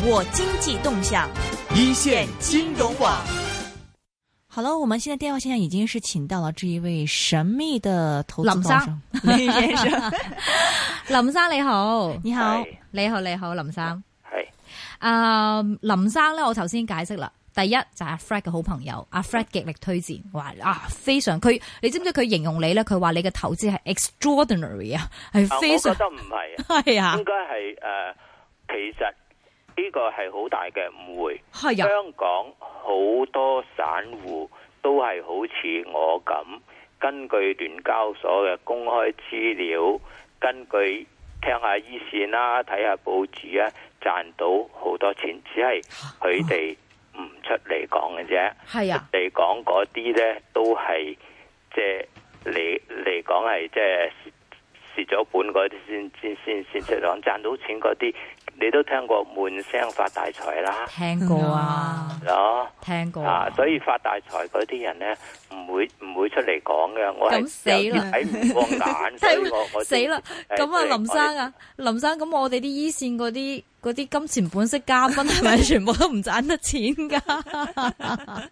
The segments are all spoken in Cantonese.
我經濟動向，一線金融網。好了，我們現在電話線上已經是請到了這一位神秘的投資家林生， 林生你好，你好，是你好你好林生，係是，啊、uh, 林生咧，我頭先解釋啦，第一就係、是、阿 Fred 嘅好朋友，阿 Fred 極力推薦，話啊非常佢，你知唔知佢形容你咧？佢話你嘅投資係 extraordinary 啊，係非常、啊，我覺得唔係，係啊，應該係誒、呃，其實。呢個係好大嘅誤會。係啊，香港好多散戶都係好似我咁，根據聯交所嘅公開資料，根據聽下醫線啦，睇下報紙啊，賺、啊、到好多錢。只係佢哋唔出嚟講嘅啫。係啊，嚟講嗰啲咧，都係即係嚟嚟講係即係蝕蝕咗本嗰啲先先先先出嚟講，賺到錢嗰啲。你都聽過悶聲發大財啦？聽過啊，聽過啊，所以發大財嗰啲人咧，唔會唔會出嚟講嘅。我係咁死啦！睇唔過眼，死我死啦！咁啊，林生啊，林生，咁我哋啲 e 線嗰啲嗰啲金錢本色嘉賓，係咪全部都唔賺得錢㗎？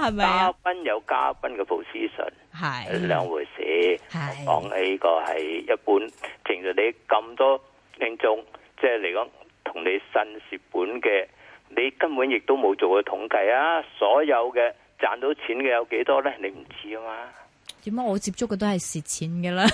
係咪？嘉賓有嘉賓嘅 position，係兩回事。講起個係一般，正如你咁多聽眾，即係嚟講，同你新蝕本嘅，你根本亦都冇做過統計啊！所有嘅賺到錢嘅有幾多咧？你唔知啊嘛？點解我接觸嘅都係蝕錢嘅啦？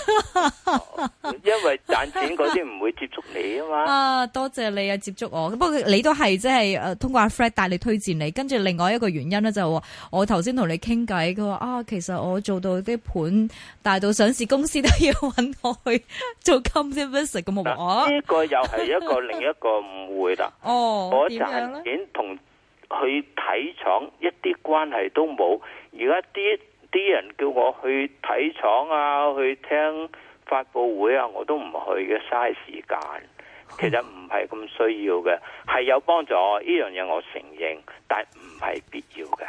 因為賺錢嗰啲唔會接觸你啊嘛！啊，多謝你啊，接觸我。不過你都係即係誒，通過阿 Fred 帶你推薦你。跟住另外一個原因咧，就係話我頭先同你傾偈，佢話啊，其實我做到啲盤大到上市公司都要揾我去做 consultant 咁喎。呢、這個又係一個 另一個誤會啦。哦，我賺錢同去睇廠一啲關係都冇。而家啲啲人叫我去睇廠啊，去聽發布會啊，我都唔去嘅，嘥時間。其實唔係咁需要嘅，係有幫助。呢樣嘢我承認，但唔係必要嘅。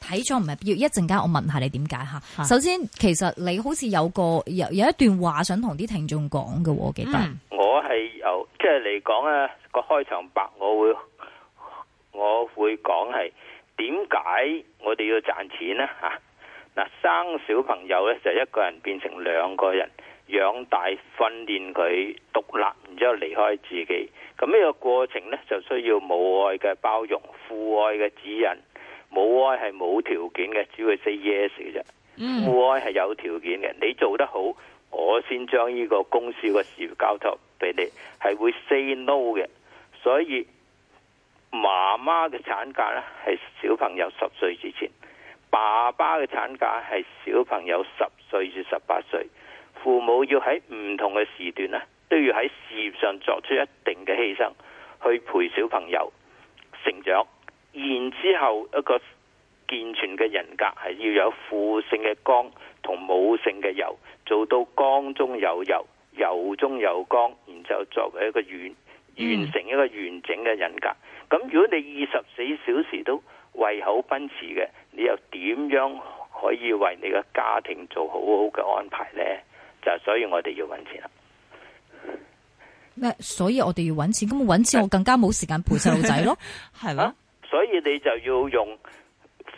睇廠唔係必要。一陣間我問下你點解吓。是首先，其實你好似有個有有一段話想同啲聽眾講嘅，我記得、嗯、我係由即係嚟講啊個開場白，我會我會講係點解我哋要賺錢啦吓。生小朋友咧，就一個人變成兩個人，養大訓練佢獨立，然之後離開自己，咁呢個過程咧，就需要母愛嘅包容、父愛嘅指引。母愛係冇條件嘅，只會 say yes 嘅啫。父愛係有條件嘅，你做得好，我先將呢個公司嘅事業交託俾你，係會 say no 嘅。所以媽媽嘅產假咧，係小朋友十歲之前。爸爸嘅產假係小朋友十歲至十八歲，父母要喺唔同嘅時段咧，都要喺事業上作出一定嘅犧牲，去陪小朋友成長。然之後一個健全嘅人格係要有父性嘅剛同母性嘅柔，做到剛中有柔，柔中有剛。然之後作為一個完完成一個完整嘅人格。咁如果你二十四小時都胃口奔馳嘅，你又點樣可以為你嘅家庭做好好嘅安排呢？就所以我哋要揾錢啦、啊。所以我哋要揾錢，咁揾錢我更加冇時間陪細路仔咯，係嘛 吧、啊？所以你就要用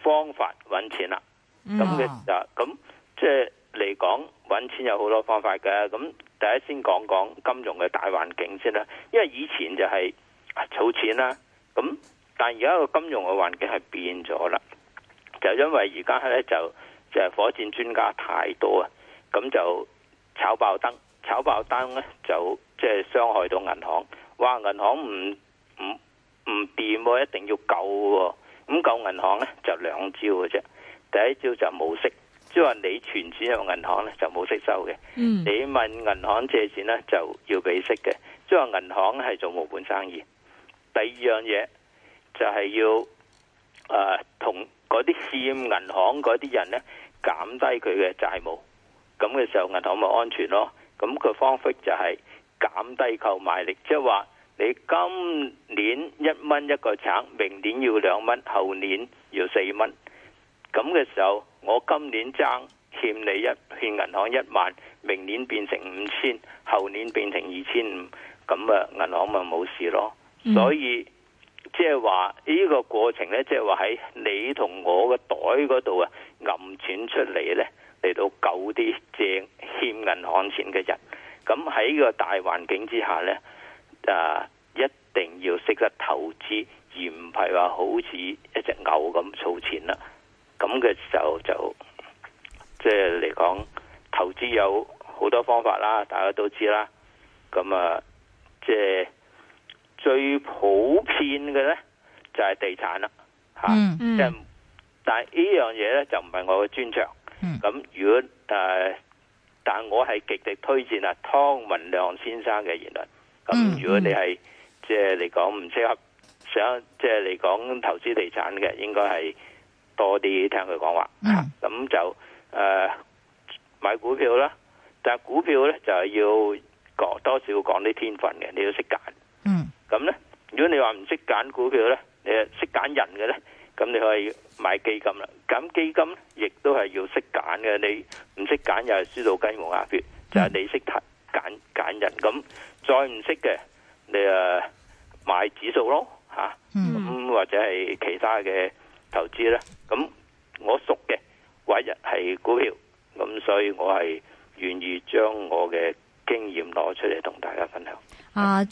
方法揾錢啦。咁嘅，咁即係嚟講，揾錢有好多方法嘅。咁第一先講講金融嘅大環境先啦。因為以前就係、是、儲、啊、錢啦、啊，咁。但而家個金融嘅環境係變咗啦，就因為而家咧，就就係火箭專家太多啊，咁就炒爆燈，炒爆燈咧就即係傷害到銀行。哇，銀行唔唔唔掂喎，一定要救喎。咁救銀行咧就兩招嘅啫，第一招就冇息，即係話你存錢入銀行咧就冇息收嘅。嗯、你問銀行借錢咧就要俾息嘅，即係話銀行係做無本生意。第二樣嘢。就係要誒，同嗰啲欠銀行嗰啲人咧減低佢嘅債務，咁嘅時候銀行咪安全咯。咁佢方法就係減低購買力，即係話你今年一蚊一個橙，明年要兩蚊，後年要四蚊。咁嘅時候，我今年爭欠你一欠銀行一萬，明年變成五千，後年變成二千五，咁啊，銀行咪冇事咯。所以。即係話呢個過程呢，即係話喺你同我嘅袋嗰度啊，揞錢出嚟呢，嚟到救啲借欠銀行錢嘅人。咁喺個大環境之下呢，啊，一定要識得投資，而唔係話好似一隻牛咁儲錢啦。咁嘅時候就就即係嚟講，投資有好多方法啦，大家都知啦。咁啊，即係。最普遍嘅呢就係地產啦，吓，但係呢樣嘢呢，就唔、是、係我嘅專長，咁、嗯、如果誒、啊，但我係極力推薦啊湯文亮先生嘅言論。咁如果你係、嗯、即係嚟講唔適合想，想即係嚟講投資地產嘅，應該係多啲聽佢講話。咁、嗯啊、就誒、啊、買股票啦，但係股票呢，就係要講多少講啲天分嘅，你要識揀。咁咧，如果你話唔識揀股票咧，你識揀人嘅咧，咁你可以買基金啦。咁基金亦都係要識揀嘅，你唔識揀又係輸到雞毛鴨血，就係你識揀揀人。咁再唔識嘅，你啊買指數咯，吓，咁或者係其他嘅投資咧。咁我熟嘅唯一係股票，咁所以我係願意將我嘅經驗攞出嚟同大家分享。阿誒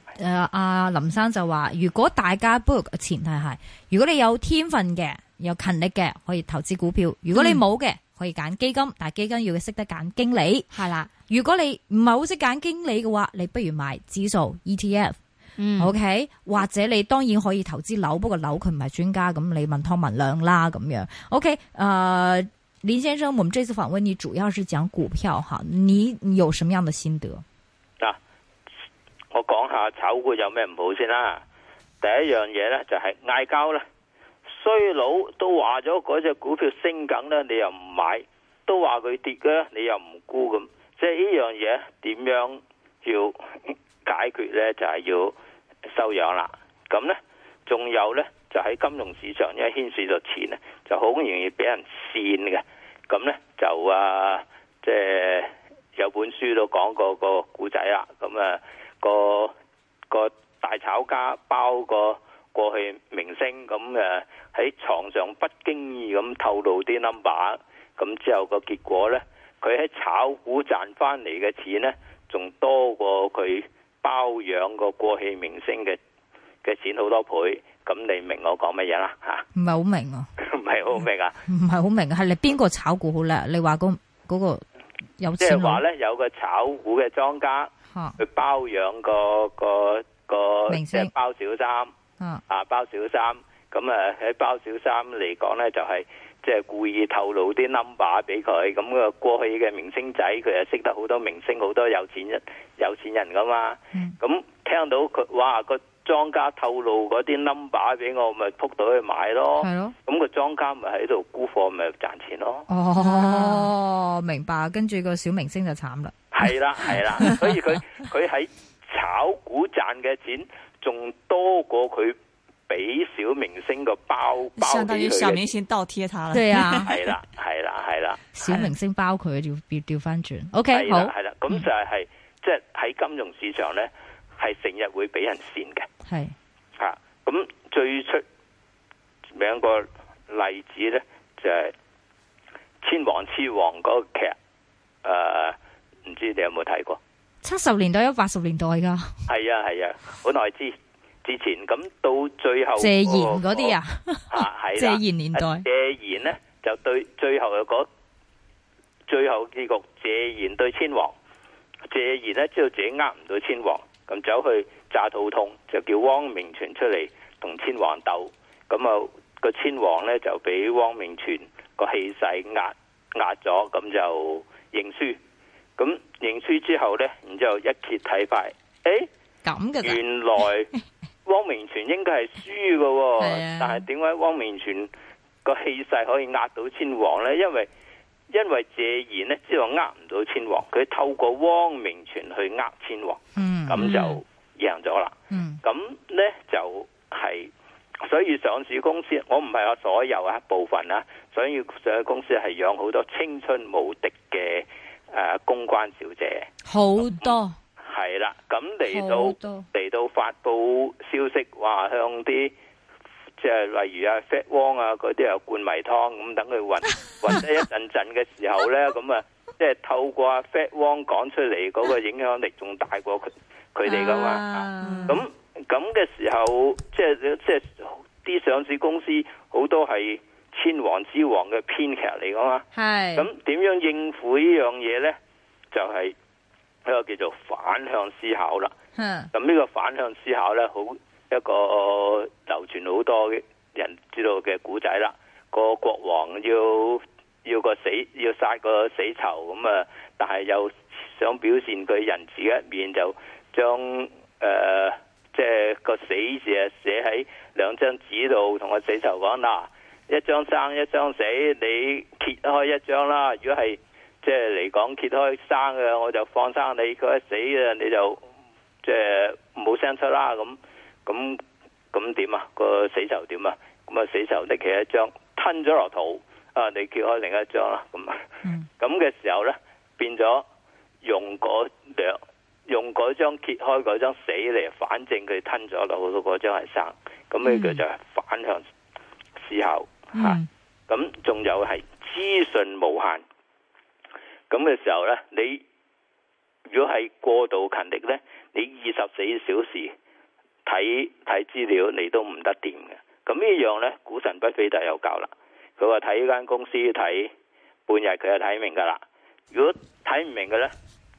阿林生就話，如果大家不 o 前提係，如果你有天分嘅，有勤力嘅，可以投資股票，如果你冇嘅，可以揀基金，但係基金要識得揀經理係啦。嗯、如果你唔係好識揀經理嘅話，你不如買指數 ETF、嗯。o、okay? k 或者你當然可以投資樓，樓不過樓佢唔係專家，咁你問湯文亮啦咁樣。OK，誒，李先生，我們這次訪問你主要是講股票哈，你有什麼樣的心得？我講下炒股有咩唔好先啦。第一樣嘢呢，就係嗌交啦，衰佬都話咗嗰隻股票升緊咧，你又唔買；都話佢跌嘅，你又唔沽咁。即係呢樣嘢點樣要解決呢？就係、是、要修養啦。咁呢，仲有呢，就喺金融市場，因為牽涉到錢咧，就好容易俾人跣嘅。唔係好明啊，唔係好明啊，唔係好明啊，係 你邊個炒股好叻？你話嗰嗰個有錢即係話咧，有個炒股嘅莊家，佢哈包養個個個明星，即係包，哈、啊、包小三，啊包小三，咁啊喺包小三嚟講咧，就係即係故意透露啲 number 俾佢，咁啊過去嘅明星仔，佢又識得好多明星，好多有錢人有錢人噶嘛，咁聽到佢哇個。嗯莊家透露嗰啲 number 俾我，咪撲到去買咯。係咯，咁個莊家咪喺度沽貨，咪賺錢咯。哦，明白。跟住個小明星就慘啦。係啦， 係啦。所以佢佢喺炒股賺嘅錢，仲多過佢俾小明星個包包，相當於小明星倒貼他啦。對啊。係啦，係啦， 係啦。 小明星包佢，要要調翻轉。O、okay, K，好。係啦，係、嗯、啦。咁、嗯、就係即係喺金融市場咧。係成日會俾人扇嘅，係吓咁最出名個例子咧就係、是、千王之王嗰個劇，誒、啊、唔知你有冇睇過？七十年代、八十年代噶，係啊係啊，好耐之之前咁到最後謝賢嗰啲啊，謝賢年代，謝賢呢，就對最後嘅嗰、那個、最後結局，謝賢對千王，謝賢呢，知道自己呃唔到千王。咁走去炸肚痛，就叫汪明荃出嚟同千王鬥。咁啊個千王咧就俾汪明荃個氣勢壓壓咗，咁就認輸。咁認輸之後咧，然之後一揭睇牌誒咁嘅，欸、原來汪明荃應該係輸嘅， 但係點解汪明荃個氣勢可以壓到千王咧？因為因為謝賢咧知道呃唔到千王，佢透過汪明荃去呃千王，咁、嗯、就贏咗啦。咁咧、嗯、就係、是，所以上市公司，我唔係話所有啊部分啦、啊，所以上市公司係養好多青春無敵嘅誒公關小姐，好多係那多啦。咁嚟到嚟多到發布消息，話向啲。即係例如啊 Fat Wong 啊，嗰啲又灌迷湯咁，等佢暈暈得一陣陣嘅時候咧，咁啊，即係透過阿 Fat Wong 講出嚟嗰個影響力仲大過佢佢哋噶嘛，咁咁嘅時候，即係即係啲上市公司好多係千王之王嘅編劇嚟噶嘛？係咁點樣應付呢樣嘢咧？就係一個叫做反向思考啦。嗯，咁呢個反向思考咧，好。一個流傳好多嘅人知道嘅古仔啦，個國王要要個死要殺個死囚咁啊，但係又想表現佢仁慈嘅一面，就將誒、呃、即係個死字啊寫喺兩張紙度，同個死囚講嗱、呃，一張生一張死，你揭開一張啦。如果係即係嚟講揭開生嘅，我就放生你，佢一死嘅，你就即係冇聲出啦咁。咁咁點啊？個死囚點啊？咁、那、啊、個、死囚拎企一張吞咗落肚啊！你揭開另一張啦，咁咁嘅時候咧，變咗用嗰兩用嗰張揭開嗰張死嚟，反正佢吞咗落肚，嗰張係生，咁呢個就係反向思考吓。咁、啊、仲、嗯、有係資訊無限，咁嘅時候咧，你如果係過度勤力咧，你二十四小時。睇睇資料你都唔得掂嘅，咁呢樣呢，股神巴菲特就有教啦。佢話睇間公司睇半日，佢就睇明噶啦。如果睇唔明嘅呢，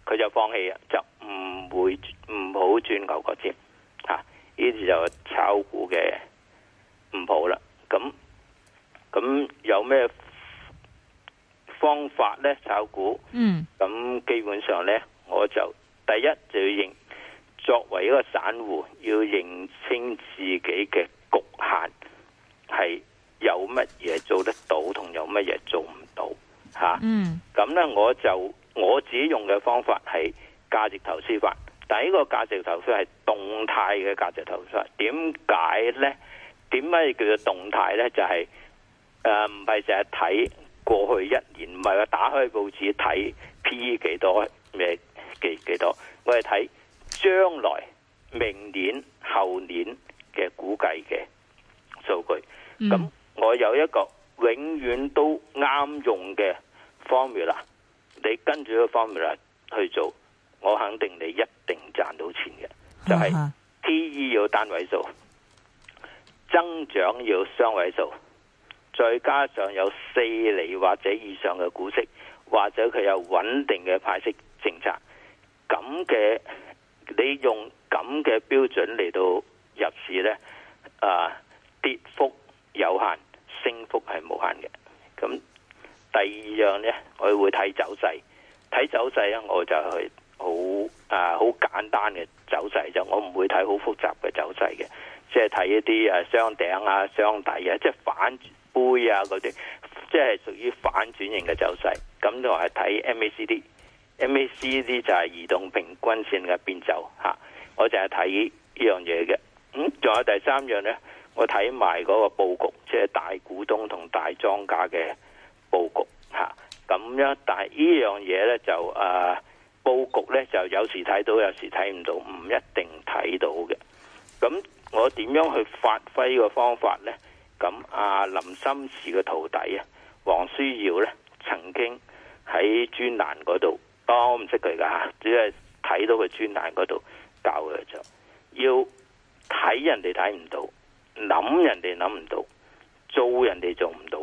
佢就放棄，就唔會唔好轉牛角尖。吓、啊，呢次就炒股嘅唔好啦。咁咁有咩方法呢？炒股嗯，咁基本上呢，我就第一就要認。呢個散戶要認清自己嘅局限，係有乜嘢做得到，做到，同有乜嘢做唔到吓。嗯，咁咧我就我自己用嘅方法係價值投資法，但係呢個價值投資係動態嘅價值投資。點解咧？點解叫做動態咧？就係誒唔係淨係睇過去一年，唔係話打開報紙睇 PE 幾多咩幾幾多，我係睇將來。明年、後年嘅估計嘅數據，咁、嗯、我有一個永遠都啱用嘅 formula，你跟住個 formula 去做，我肯定你一定賺到錢嘅。就係 PE 要單位數，增長要雙位數，再加上有四厘或者以上嘅股息，或者佢有穩定嘅派息政策，咁嘅。你用咁嘅標準嚟到入市呢，啊，跌幅有限，升幅係無限嘅。咁第二樣呢，我會睇走勢。睇走勢咧，我就係好啊好簡單嘅走勢，就我唔會睇好複雜嘅走勢嘅，即係睇一啲啊，雙頂、啊，雙底、啊，即係反杯啊，嗰啲，即係屬於反轉型嘅走勢。咁就係睇 MACD。MACD 就係移動平均線嘅變奏吓、啊，我就係睇呢樣嘢嘅。咁、嗯、仲有第三樣呢，我睇埋嗰個布局，即、就、係、是、大股東同大莊家嘅布局吓。咁、啊、樣，但係呢樣嘢呢，就啊布局呢，就有時睇到，有時睇唔到，唔一定睇到嘅。咁我點樣去發揮個方法呢？咁阿、啊、林心慈嘅徒弟啊，黃舒耀呢，曾經喺專欄嗰度。哦，我唔識佢噶吓，只係睇到佢專欄嗰度教佢。就，要睇人哋睇唔到，諗人哋諗唔到，做人哋做唔到。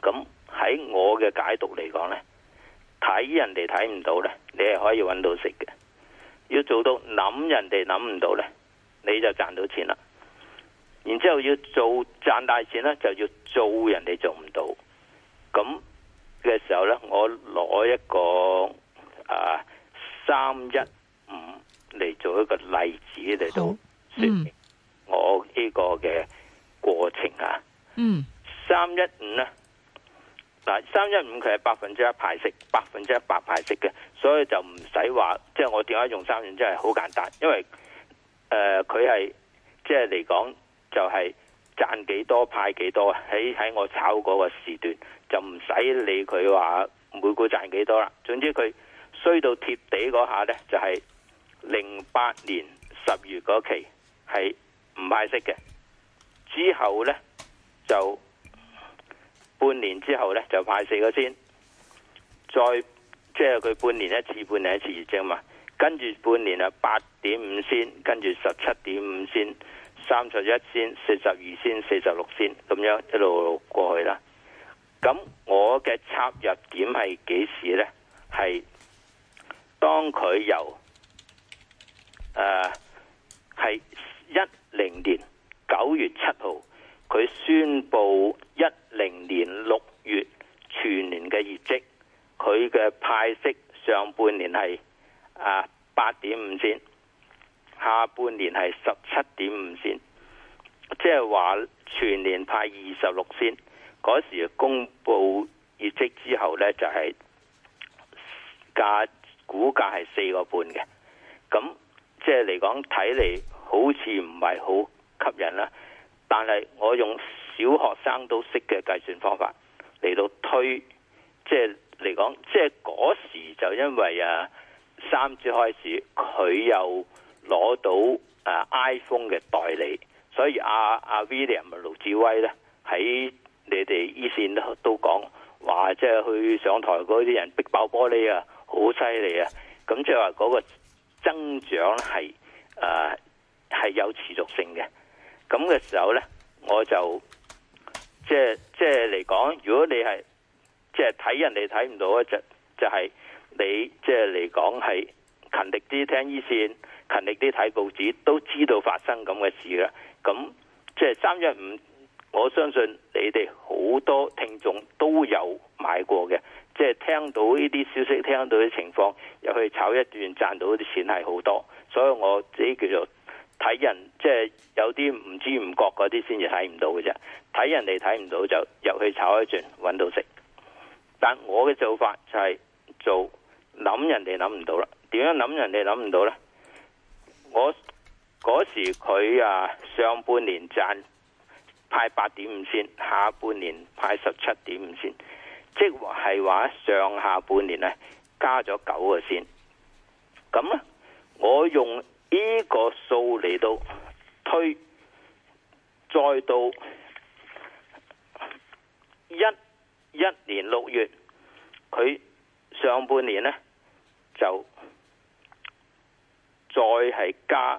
咁喺我嘅解讀嚟講呢，睇人哋睇唔到呢，你係可以搵到食嘅；要做到諗人哋諗唔到呢，你就賺到錢啦。然之後要做賺大錢呢，就要做人哋做唔到。咁嘅時候呢，我攞一個。啊，三一五嚟做一個例子嚟到說明我呢個嘅過程啊。嗯，三一五呢，嗱，三一五佢係百分之一派息，百分之一百派息嘅，所以就唔使、就是、話，即係我點解用三元，真係好簡單，因為誒佢係即係嚟講就係賺幾多派幾多啊。喺喺我炒嗰個時段就唔使理佢話每股賺幾多啦，總之佢。追到貼地嗰下呢，就係零八年十月嗰期係唔派息嘅，之後呢，就半年之後呢，就派四個仙，再即係佢半年一次，半年一次業績嘛。跟住半年啊八點五仙，跟住十七點五仙，三十一仙，四十二仙，四十六仙咁樣一路，路過去啦。咁我嘅插入點係幾時呢？係當佢由誒係、啊、一零年九月七號，佢宣佈一零年六月全年嘅業績，佢嘅派息上半年係啊八點五仙，下半年係十七點五仙，即係話全年派二十六仙。嗰時公佈業績之後呢，就係價。估價係四個半嘅，咁即係嚟講睇嚟好似唔係好吸引啦。但係我用小學生都識嘅計算方法嚟到推，即係嚟講，即係嗰時就因為啊 3G 開始佢又攞到誒、啊、iPhone 嘅代理，所以阿、啊、阿、啊、William 啊盧志威咧喺你哋一線都都講話，即係去上台嗰啲人逼爆玻璃啊！好犀利啊！咁即係話嗰個增長係誒係有持續性嘅。咁嘅時候呢，我就即係即係嚟講，如果你係即係睇人哋睇唔到，就係、就係、係、你即係嚟講係勤力啲聽醫線，勤力啲睇報紙，都知道發生咁嘅事啦。咁即係三一五，就係、15, 我相信你哋好多聽眾都有買過嘅。即係聽到呢啲消息，聽到啲情況，入去炒一段，賺到啲錢係好多。所以我自己叫做睇人，即係有啲唔知唔覺嗰啲先至睇唔到嘅啫。睇人哋睇唔到就入去炒一轉，揾到食。但我嘅做法就係做諗人哋諗唔到啦。點樣諗人哋諗唔到呢？我嗰時佢啊上半年賺派八點五仙，下半年派十七點五仙。即係話上下半年呢，加咗九個先，咁咧我用呢個數嚟到推，再到一一年六月，佢上半年呢，就再係加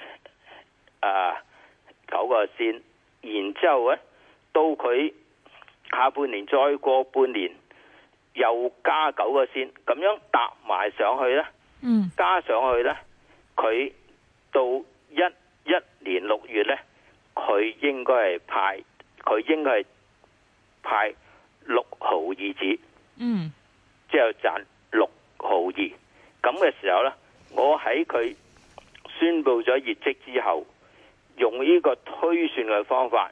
九、呃、個先，然之後呢到佢，下半年再過半年又加九個線，咁樣搭埋上去呢，加上去呢，佢到一一年六月呢，佢應該係派，佢應該係派六毫二紙，嗯，之後賺六毫二，咁嘅時候呢，我喺佢宣布咗業績之後，用呢個推算嘅方法，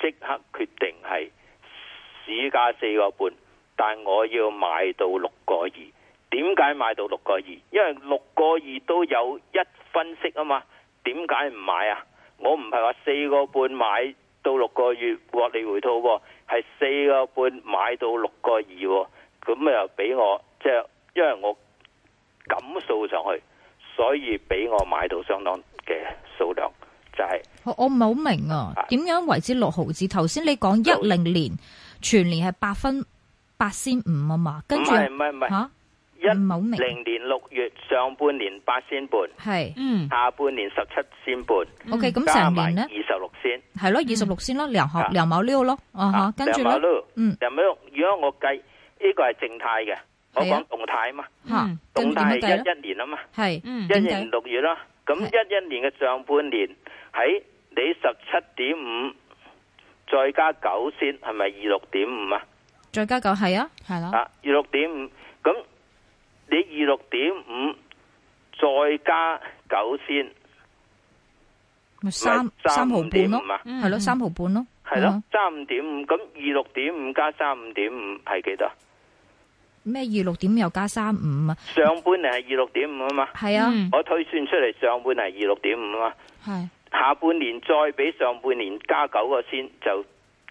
即刻決定係。指價四個半，5，但我要買到六個二。點解買到六個二？因為六個二都有一分息啊嘛。點解唔買啊？我唔係話四個半買到六個月獲利回吐，係四個半買到六個二。咁又俾我即係，因為我咁數上去，所以俾我買到相當嘅數量，就係、是、我唔係好明啊。點、啊、樣為之六毫子？頭先你講一零年。哦全年係八分八仙五啊嘛，跟住吓一唔好明。零年六月上半年八仙半，係嗯，下半年十七仙半。O K，咁成年咧二十六仙，係咯，二十六仙咯，梁學梁某溜咯，啊吓，跟住咧嗯，咁樣如果我計呢個係靜態嘅，我講動態啊嘛，動態係一一年啊嘛，係嗯，一一年六月啦，咁一一年嘅上半年喺你十七點五。再加九仙係咪二六點五啊？再加九係啊，係啦。啊，二六點五，咁你二六點五再加九仙，三三毫半咯，係咯，三毫半咯，係咯、嗯，三五點五。咁二六點五加三五點五係幾多？咩？二六點又加三五啊，上啊，啊？上半年係二六點五啊嘛？係啊，我推算出嚟上半年係二六點五啊嘛？係、啊。下半年再俾上半年加九個先，就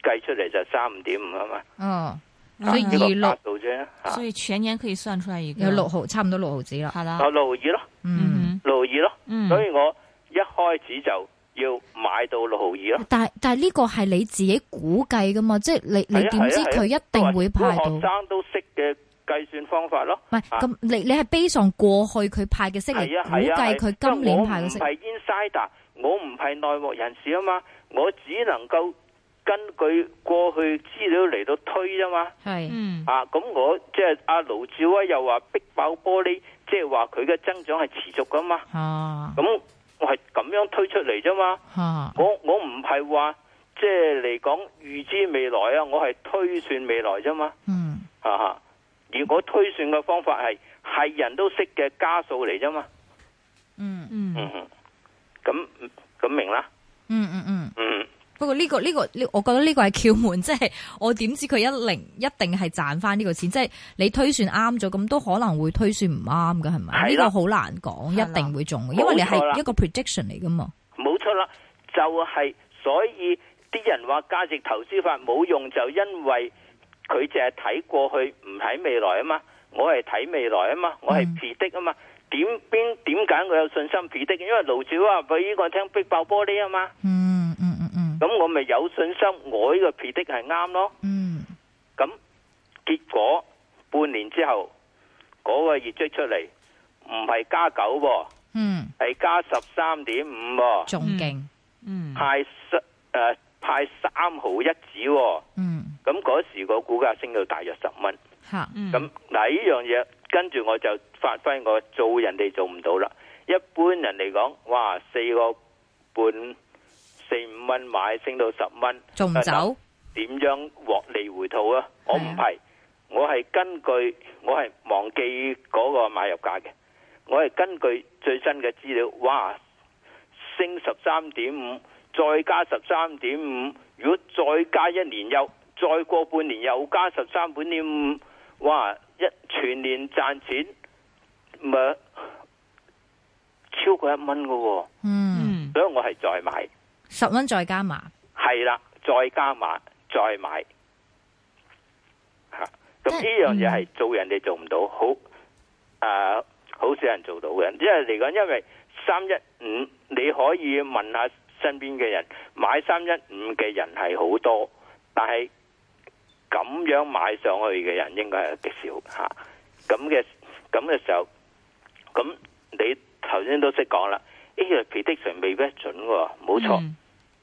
計出嚟，就三五點五啊嘛。嗯六，呢個八度啫，所以全年可以算出嚟一個有六毫，差唔多六毫子啦。係啦的，六二咯，嗯，六二咯，嗯，所以我一開始就要買到六毫二咯。嗯，但係但係呢個係你自己估計噶嘛，即係你你點、啊、知佢、啊啊、一定會派到？所生都識嘅。計算方法咯，唔係咁，你你係悲喪過去佢派嘅息嚟估計佢今年派嘅息，我唔係 insider，我唔係內幕人士啊嘛，我只能夠根據過去資料嚟到推啫嘛，係，啊，咁我即係阿盧志威又話逼爆玻璃，即係話佢嘅增長係持續噶嘛，啊，咁我係咁樣推出嚟啫嘛，啊，我我唔係話即係嚟講預知未來啊，我係推算未來啫嘛，嗯，啊哈。如果推算嘅方法係係人都識嘅加數嚟啫嘛，嗯嗯嗯，咁咁明啦，嗯嗯嗯嗯。不過呢個呢個，我覺得呢個係竅門，即係我點知佢一零一定係賺翻呢個錢？即係你推算啱咗，咁都可能會推算唔啱嘅，係咪？呢個好難講，一定會中，因為你係一個 prediction 嚟噶嘛。冇錯啦，就係所以啲人話價值投資法冇用，就因為。佢淨係睇過去，唔睇未來啊嘛！我係睇未來啊嘛！我係 predict 啊嘛！點邊點解佢有信心 predict？因為盧少話俾呢個聽，逼爆玻璃啊嘛！嗯嗯嗯嗯咁我咪有信心，我呢個 predict 係啱咯。嗯，咁結果半年之後嗰、那個業績出嚟，唔係加九，嗯，係加十三點五，仲、呃、勁，哦、嗯，派誒，派三毫一止，嗯。咁嗰時個股價升到大約十蚊，咁嗱、嗯，呢樣嘢跟住我就發揮我做人哋做唔到啦。一般人嚟講，哇，四個半四五蚊買，升到十蚊，仲唔走點、啊、樣獲利回吐啊？我唔係、啊，我係根據我係忘記嗰個買入價嘅，我係根據最新嘅資料，哇，升十三點五，再加十三點五，如果再加一年休。再過半年又加十三點五，哇！一全年賺錢唔超過一蚊嘅喎。嗯，所以我係再買十蚊再加碼。係啦，再加碼再買。吓、啊，咁呢樣嘢係做人哋做唔到，好啊，好、呃、好少人做到嘅。因為嚟講，因為三一五，你可以問下身邊嘅人，買三一五嘅人係好多，但係。咁樣買上去嘅人應該係極少吓，咁嘅咁嘅時候，咁、啊、你頭先都識講啦，A 日 P 的純未必準，冇錯。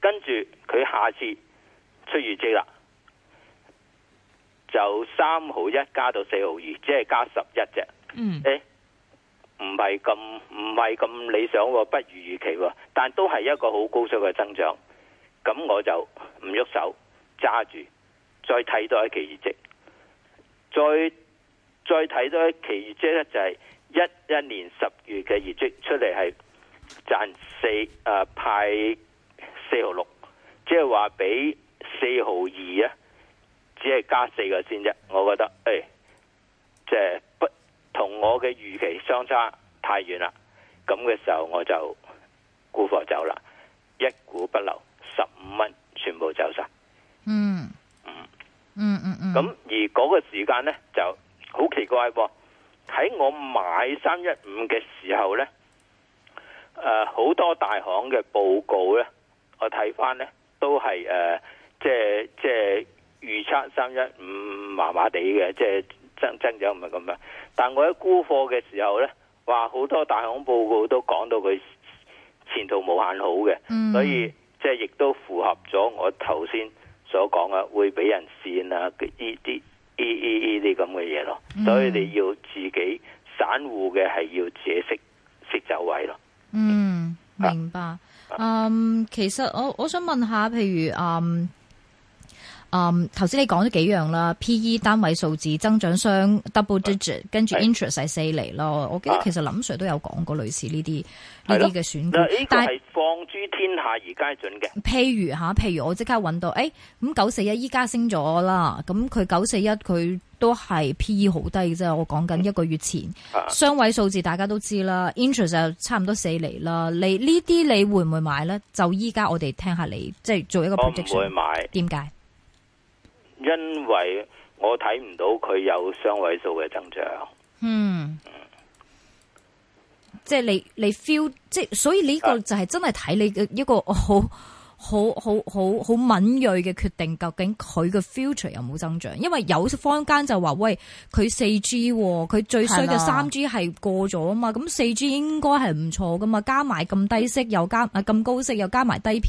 跟住佢下次出月績啦，就三毫一加到四毫二，即係加十一隻。嗯，誒、啊，唔係咁唔係咁理想，不如預期，但都係一個好高速嘅增長。咁、啊、我就唔喐手揸住。再睇多一期業績，再再睇多一期業績咧，就係、是、一一年十月嘅業績出嚟係賺四誒派、呃、四毫六，即係話畀四毫二啊，只係加四個先啫。我覺得誒，即、欸、係、就是、不同我嘅預期相差太遠啦。咁嘅時候我就沽貨走啦，一股不留，十五蚊，全部走晒。嗯。嗯嗯嗯，咁、mm hmm. 而嗰個時間咧就好奇怪喎。喺我買三一五嘅時候咧，誒、呃、好多大行嘅報告咧，我睇翻咧都係誒即係即係預測三一五麻麻地嘅，即係增增長唔係咁樣。但我喺沽貨嘅時候咧，話好多大行報告都講到佢前途無限好嘅，mm hmm. 所以即係亦都符合咗我頭先。所講啊，會俾人騙啊！呢啲呢啲，呢啲咁嘅嘢咯，嗯、所以你要自己散戶嘅係要自己識識走位咯。嗯，明白。嗯、啊，um, 其實我我想問下，譬如嗯。Um, 嗯，頭先、um, 你講咗幾樣啦，P E 單位數字增長雙、double digit，跟住 interest 係四厘咯。我記得其實林 Sir 都有講過類似呢啲呢啲嘅選股，啊、但係是放諸天下而皆準嘅。譬如嚇、啊，譬如我即刻揾到，誒咁九四一依家升咗啦，咁佢九四一佢都係 P E 好低嘅啫。我講緊一個月前雙、啊、位數字大家都知啦、啊，interest 就差唔多四厘啦。你呢啲你會唔會買咧？就依家我哋聽下你即係做一個 prediction，點解？因為我睇唔到佢有雙位數嘅增長，嗯，嗯即係你你 feel 即係，所以呢個就係真係睇你嘅一個好。啊 好好好好敏銳嘅決定，究竟佢嘅 future 有冇增長？因為有坊間就話喂，佢 4G，佢、哦、最衰嘅 3G 係過咗啊嘛，咁的 4G 應該係唔錯噶嘛，加埋咁低息又加啊咁高息又加埋低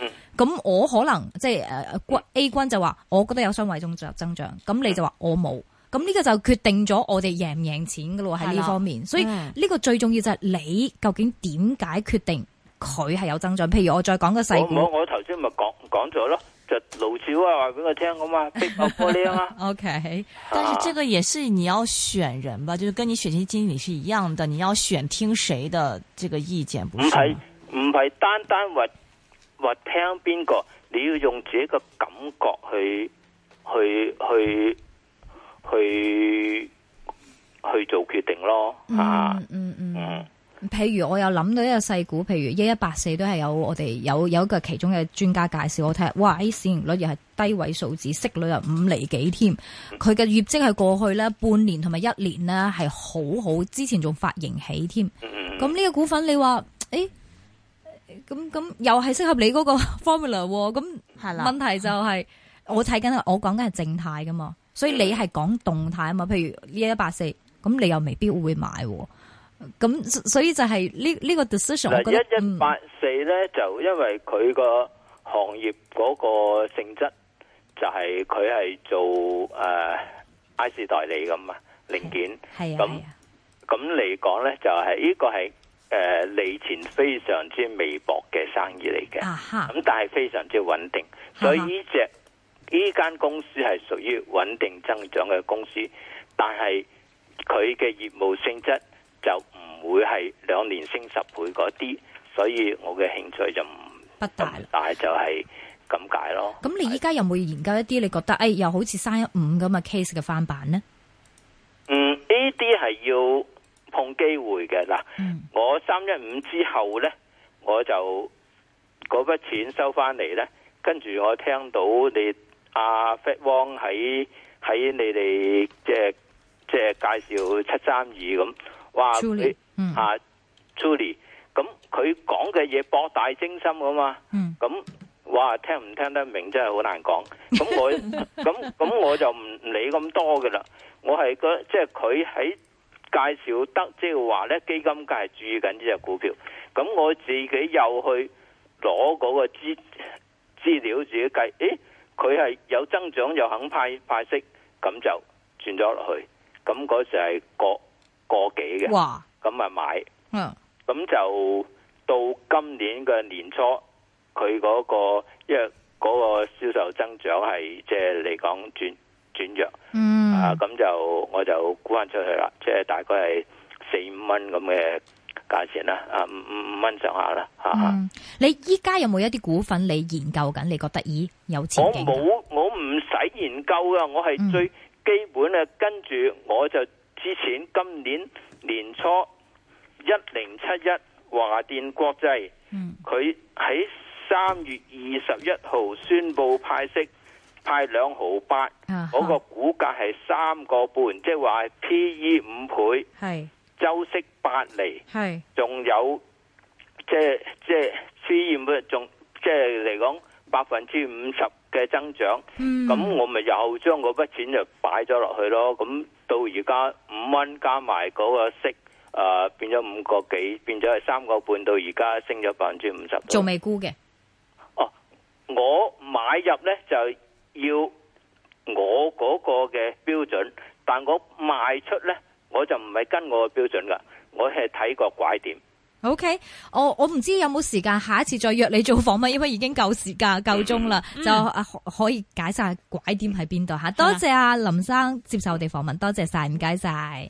PE，咁、嗯、我可能即係誒君 A 君就話我覺得有雙位中集增長，咁你就話我冇，咁呢個就決定咗我哋贏唔贏錢噶咯喺呢方面，的所以呢、嗯、個最重要就係你究竟點解決定？佢係有增長，譬如我再講個細。唔好，我頭先咪講講咗咯，就老少啊話俾我聽咁嘛，冰雹玻璃啊。 o、okay, K，但係這個也是你要選人吧，啊、就是跟你選基金經理是一樣的，你要選聽誰的這個意見。唔係唔係單單話話聽邊個，你要用自己嘅感覺去去去去去做決定咯。啊，嗯嗯嗯。嗯嗯嗯。譬如我有諗到一個細股，譬如一一八四，都係有我哋有有一個其中嘅專家介紹我睇下，哇，誒市盈率又係低位數字，息率又五厘幾添，佢嘅業績係過去咧半年同埋一年咧係好好，之前仲發盈喜添。咁呢個股份你話誒，咁、欸、咁又係適合你嗰個 formula？咁問題就係、是、的我睇緊我講緊係靜態噶嘛，所以你係講動態啊嘛。譬如一一八四，咁你又未必會買、啊。咁所以就係呢呢個 decision，我覺得一一八四咧就因為佢個行業嗰個性質就係佢係做誒 I C 代理咁啊零件，係啊咁咁嚟講咧就係、是、呢個係誒利錢非常之微薄嘅生意嚟嘅，咁、uh huh. 但係非常之穩定，uh huh. 所以呢隻呢間公司係屬於穩定增長嘅公司，但係佢嘅業務性質。就唔會係兩年升十倍嗰啲，所以我嘅興趣就唔不，不，不大，但係就係咁解咯。咁你依家有冇研究一啲你覺得誒、哎，又好似三一五咁嘅 case 嘅翻版呢？嗯，呢啲係要碰機會嘅嗱。嗯、我三一五之後呢，我就嗰筆錢收翻嚟呢，跟住我聽到你阿 Fat 旺喺喺你哋即係即係介紹七三二咁。話你吓朱莉，咁佢講嘅嘢，博大精深噶嘛？咁、嗯嗯、哇聽唔聽得明真係好難講。咁我咁咁、 啊、我就唔理咁多噶啦。我係覺即係佢喺介紹得即係話咧基金界係注意緊呢隻股票。咁我自己又去攞嗰個資資料自己計，誒佢係有增長又肯派派息，咁就轉咗落去。咁嗰時係個。過幾嘅，咁啊哇買，咁、啊、就到今年嘅年初，佢嗰、嗰個，因為嗰個銷售增長係即係嚟講轉轉弱，嗯、啊咁就我就估翻出去啦，即係大概係四五蚊咁嘅價錢啦，啊五五蚊上下啦，吓、嗯。你依家有冇一啲股份你研究緊？你覺得咦有前景？我冇，我唔使研究噶，我係最基本啊，嗯、跟住我就。之前今年年初一零七一華電國際，佢喺三月二十一號宣布派息派兩毫八，嗰個股價係三個半，即係話 P E 五倍，周息八厘，仲有即係即係雖然仲即係嚟講百分之五十嘅增長，咁、嗯、我咪又將嗰筆錢就擺咗落去咯，咁。到而家五蚊加埋嗰個息，誒變咗五個幾，變咗係三個半。5，到而家升咗百分之五十，仲未估嘅。哦、啊，我買入呢就要我嗰個嘅標準，但我賣出呢，我就唔係跟我嘅標準噶，我係睇個拐點。OK，我我唔知有冇時間下一次再約你做訪問，因為已經夠時間、夠鐘啦，嗯、就啊可以解晒拐點喺邊度吓。多謝啊林生接受我哋訪問，多謝晒，唔該晒。